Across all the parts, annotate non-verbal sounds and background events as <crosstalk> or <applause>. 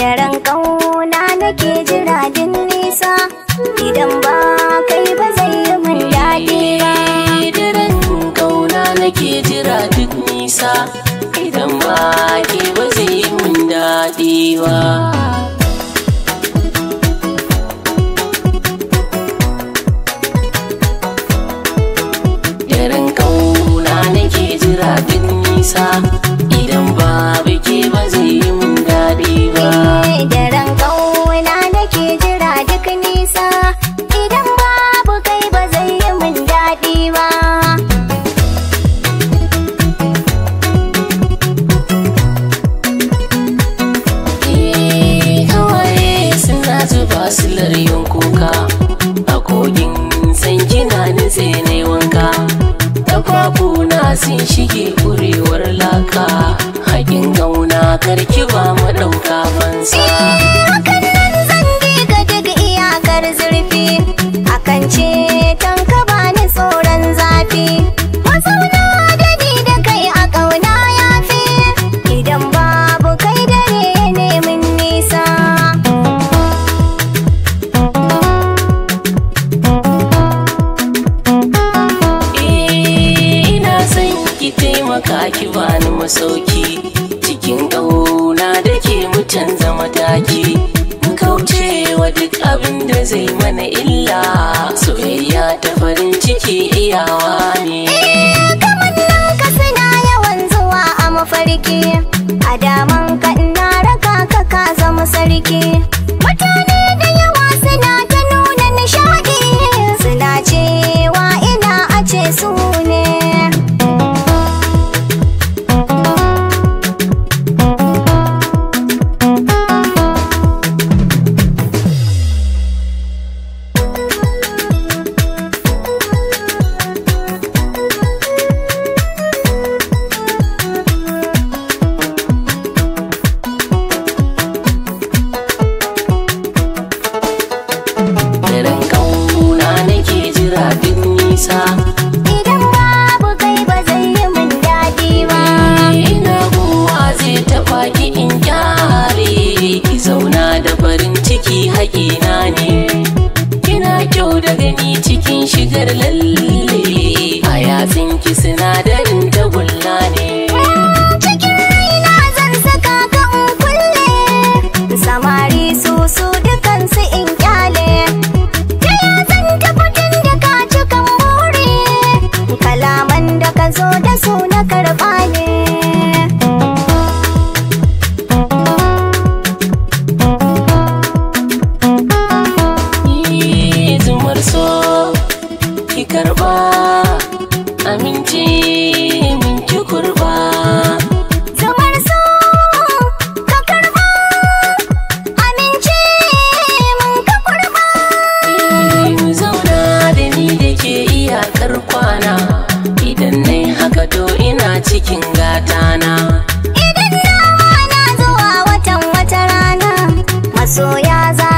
daren ƙauna nake jira din nisa idan ba kai ba zai yi min daɗi ba daren ƙauna nake jira duk nisa idan ba kai ba zai yi min daɗi ba karki ba mu ɗauka fansa. Hakan nan zan bi ga duk iyakar zurfi, akan ce tanka ba tsoron zafi. Mazauna da ni da kai a ƙauna ya fi, idan babu kai dare nemin nisa. Eh, ina son ki taimaka ki bani masauki. mana illa soyayya ta farin ciki iyawa ne eh, kamar ka suna yawan zuwa a mafarki a daman ka ina raka ka ka zama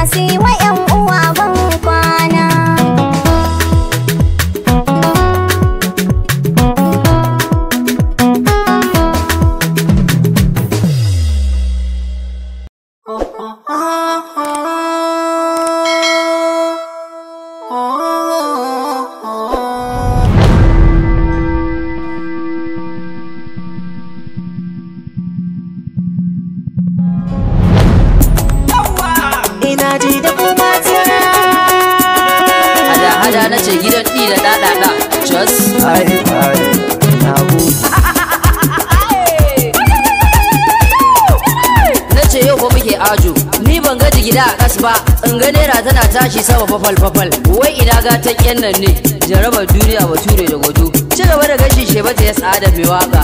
sai wa ya kasba in ga naira tana tashi sama fafal fafal wai ina gatan yan nan ne jarabar duniya ba ture da gwado ci gaba da gashi ba ta ya tsada mai waka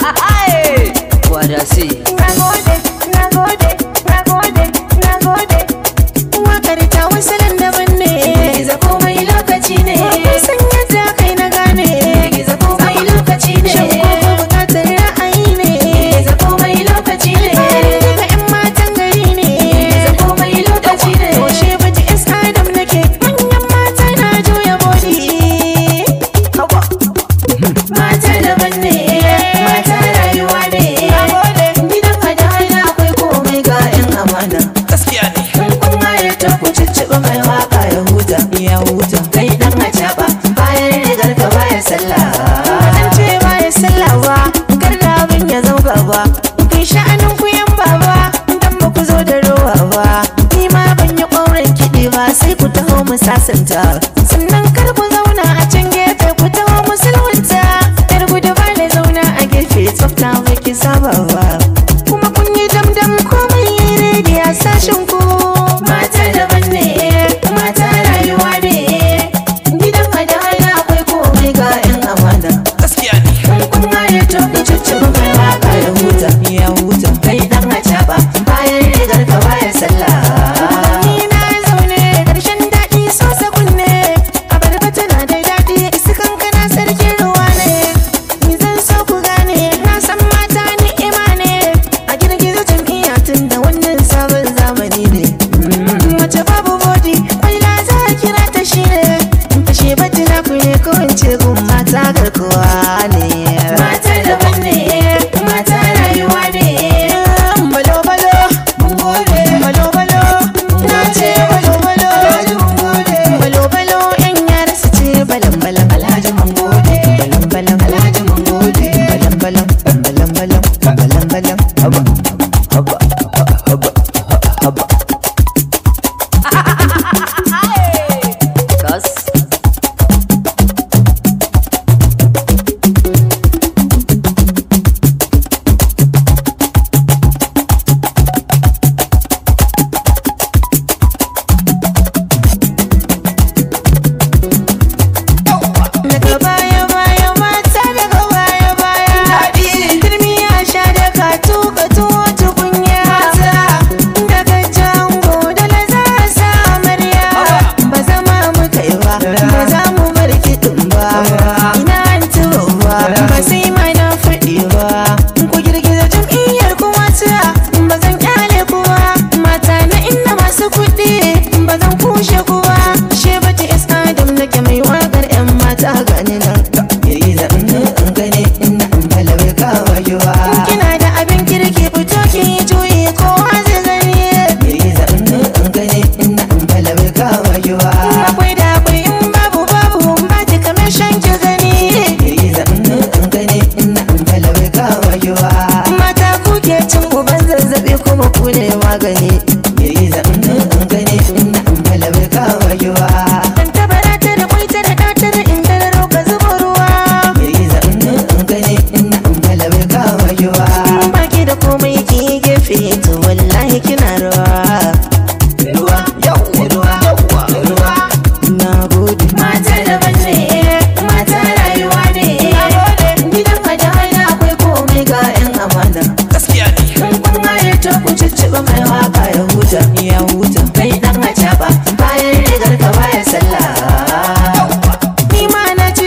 <laughs> wada sai na gode na gode ku ne kawance gun mata garkuwa ne Yeah. ne magani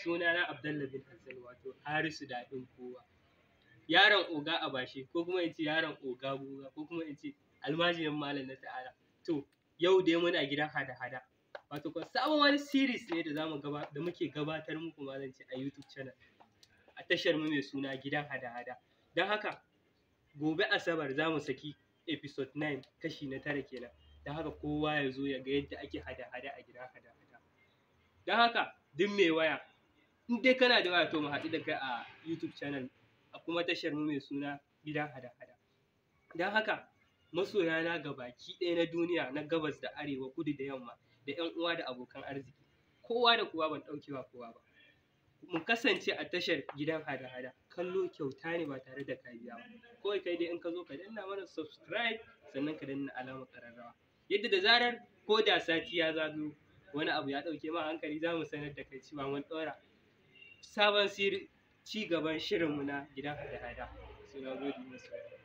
sunana abdallah bin hassan wato harisu daɗin kowa yaron oga a bashi, ko kuma in ce yaron oga guga ko kuma in ce almajirin malam na ta'ala to yau dai muna gidan hada-hada wato sabon wani series ne da da muke gabatar muku malam ce a youtube channel a tashar mu mai suna gidan hada-hada don haka gobe asabar zamu saki episode 9 kashi na tara kenan don haka kowa ya zo ya ga yadda ake hada-hada a gidan hada-hada don haka duk mai waya in dai kana da waya to mu haɗu da kai a youtube channel a kuma tashar mu mai suna gidan hada-hada don haka masoya na gabaki ɗaya na duniya na gabas da arewa kudu da yamma da yan uwa da abokan arziki kowa da kowa ban ɗaukewa kowa ba mu kasance a tashar gidan hada-hada kallo kyauta ne ba tare da kariya ba kawai kai dai in ka zo ka danna mana subscribe sannan ka danna alamar ƙararrawa yadda da zarar ko da sati ya zagayo wani abu ya ɗauke ma hankali za mu sanar da kai cewa mun ɗora sabon ci gaban shirinmu na gidan hada-hada. Suna gode masu